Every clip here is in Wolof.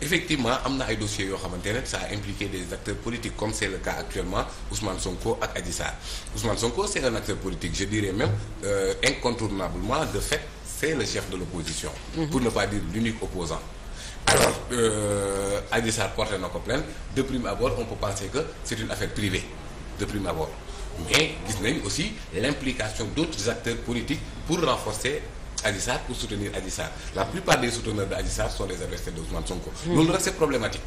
effectivement am na ay dossiers yoo xamante ne ça a impliqué des acteurs politiques comme c'est le cas actuellement Ousmane Sonko ak Adji Sarr Ousmane Sonko c'est un acteur politique je dirais même euh, incontournablement de fait c'est le chef de l'opposition mhm. pour ne pas dire l'unique opposant alors euh, Adji Sarr porté na ko plainte de prime abord on peut penser que c'est une affaire privée de prime abord mais gis nañ aussi l'implication d'autres acteurs politiques pour renforcer Adji Sarr pour soutenir Adji Sarr la plupart des souteneurs de Adji Sarr des adversaires de Ousmane Sonko. Hmm. loolu rek c'est problématique.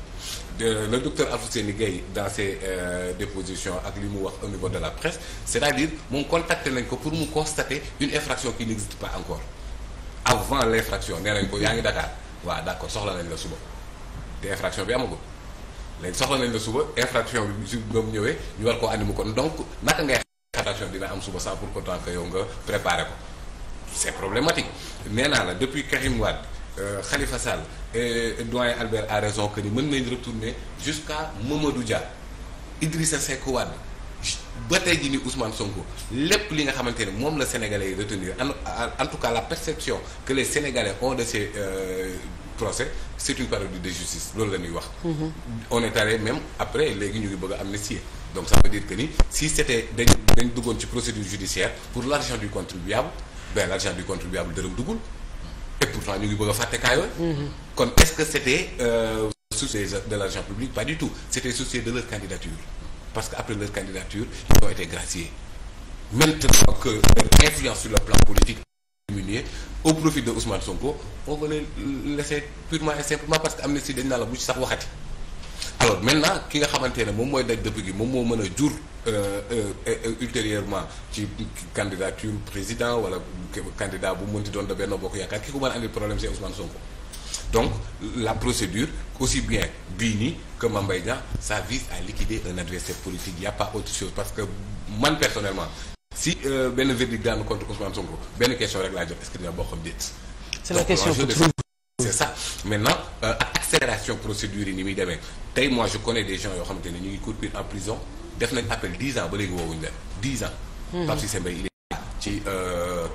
de le docteur Alfousseni Gaye dans ses euh, ak li mu wax au niveau de la presse c'est-à-dire moom contacté nañ ko pour mu constater une infraction qui n'existe pas encore avant l'infraction nee ko yaa ngi Dakar waa d'accord soxla nañ la suba te infraction bi amagul léegi soxla nañ la suba infraction bi su boobu ñëwee ñu war koo andi mu kon donc naka ngay xaar infraction dina am suba sans pour autant que yow nga préparé ko. c' est problématique nee naa la depuis Karim Wade euh, Khalifa Sall et doyen Albert a raison que ni mën nañ retourner jusqu'à Mamadou Dia Idrissa Seck Wade ba tey jii ni Ousmane Sonko lépp li nga xamante ne moom la sénégalais yi retenir en tout cas la perception que les sénégalais ont euh, procès c'est une parodie de justice loolu la ñuy wax mm-hmm. on est allé même après léegi ñu ngi bëgg a amnistier donc ça veut dire que ni si c'était dañ dañ duggoon ci procédure judiciaire pour l'argent du contribuable ben du contribuable dërëm dugul et pourtant ñu ngi bëgg a fàtte kaa yooyu mhm. kon est ce que c' était euh, de l' argent public pas du tout c' était de leur candidature parce que après leur candidature ils ont été graciés maintenant que leur influence sur le plan politique au profit de Ousmane Sonko on va les laisser purement et simplement parce que am na si dañ naa la bu ci sax waxati alors maintenant ki nga xamante ne moom mooy daj dëpp gi moom moo mën a jur euh, euh, euh, ultérieurement ci candidature président wala candidat bu mënti doon da Benno Bokk Yaakaar ki ko mën a andi problème c'est Ousmane Sonko donc la procédure aussi bien bii nii que Mame Mbaye Niang ça vise à liquider un adversaire politique y a autre chose parce que man personnellement si benn verdict daanu contre Ousmane Sonko benn question rek laa jot est-ce que dina c'est accélération procédure yi ni muy demee tey moi je connais des gens yoo xamante ne ñu ngi courir en prison def nañ appel dix ans ba léegi woowuñu leen dix ans. Hmm. Pape Cissé Mbaye il euh,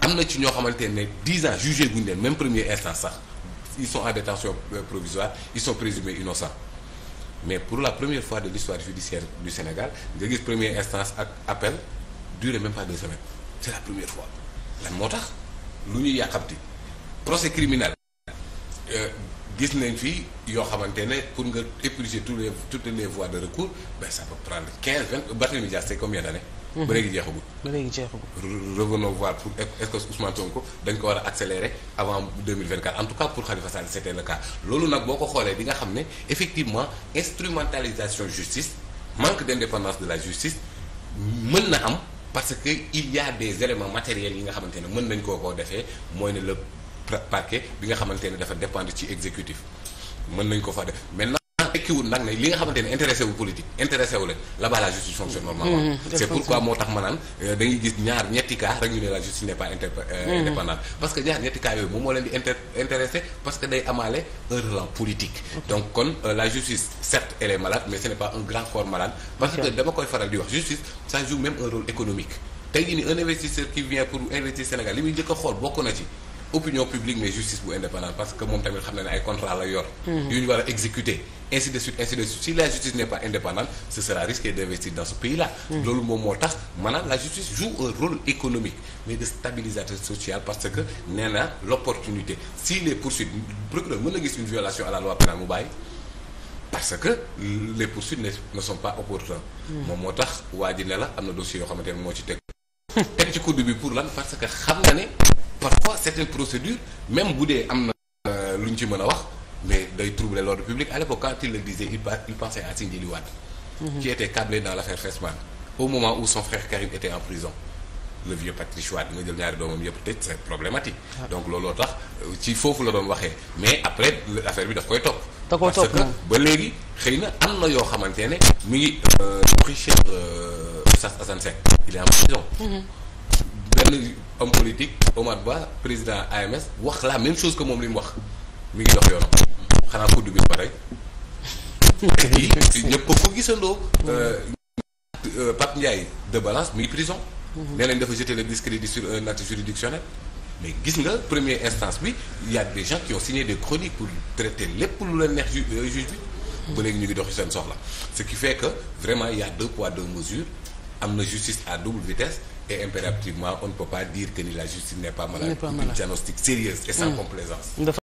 am na ci ñoo xamante ne dix ans jugé guñu leen même première instance sax ils sont en détention euh, provisoire ils sont présumés innocents mais pour la première fois de l'histoire judiciaire du Sénégal nga gis première instance ak appel dure même pas deux semaines c'est la première fois moo tax lu ñuy yàqamti procès criminel Euh, gis nañ fi yoo xamante ne pour nga épuiser tous les toutes les voies de recours ben ça peut prendre quinze vingt Barthélémy Dias c'est combien d'années mhm. ba léegi jeexagul. ba léegi jeexagul. revenons voir pour est-ce que Ousmane Sonko dañ ko war a accélérer avant 2024 en tout cas pour Khalifa Sall c'était le cas loolu nag boo ko xoolee di nga xam ne effectivement instrumentalisation justice manque d'indépendance de la justice mën na am parce que il y des éléments matériels yi nga xamante ne mën nañ koo koo defee mooy ne le parquet bi nga xamante ne dafa dépendre ci exécutif mën nañ ko fa def maintenant tekkiwul nag ne li nga xamante ne intéressé wu politique intéressé wu leen là-bas la justice fonctionne normalement mm-hmm, c'est pourquoi moo tax ma naan euh, dañuy gis ñaar ñetti cas rek ñu ne la justice n'est pas euh, mm-hmm. indépendante parce que ñaar ñetti cas yooyu moom moo leen di inter parce que day amaale un relent politique donc kon euh, la justice certes elle malade mais ce n'est pas un grand opinion publique mais justice bu indépendante parce que moom tamit xam na ne ay contrat la yor. Mm-hmm. yu ñu war a exécuter ainsi de suite ainsi de suite si la justice n'est pas indépendante ce sera risqué d'investir dans ce pays là. Mm-hmm. loolu moom moo tax maanaam la justice joue un rôle économique mais de stabilisateur social parce que nee na l'opportunité si les poursuites procureur mën na gis une violation à la loi pénale mu bàyyi. parce que les poursuites ne sont pas opportunes. Mm-hmm. moom moo tax waa ji ne la am na dossier yoo xamante ne moo ci teg. teg ci kuréel bi que xam nga ne. parfois certaines procédures même bu dee am na euh, lu ñu ci mën a wax mais day troubler l'ordre public à l'époque quand il le disait il il pensait à Sindiély Wade mhm. qui était câblé dans l'affaire Fesman au moment où son frère Karim était en prison le vieux Patrice Wade nga jël ñaari doomam yëpp tëj c'est problématique ah. donc looloo tax euh, ci foofu la doon waxee mais après affaire bi daf koy topp parce que ba léegi xëy na am na yoo xamante ne mi ngi euh, pris cher Oustaz Assane Seck benn homme politique Omar Ba wax la même chose que moom li mu mi ngi dox yoonam xanaa kudd bi ñëpp ko gisandoo euh, euh, Pape Ndiaye de mi ngi prison mhm. nee nañ dafa jeter le discrédit sur un acte juridictionnel mais gis nga première instance bi il y a des gens qui ont signé des chroniques pour traiter lépp lu la neex ju euh, juge ba léegi ñu ngi doxi seen soxla ce qui fait que vraiment il y a deux poids deux mesures am na justice à double vitesse et impérativement on ne peut pas dire que ni la justice n'est pas malade. n'est pas malade. diagnostic sérieuse et sans mm. complaisance.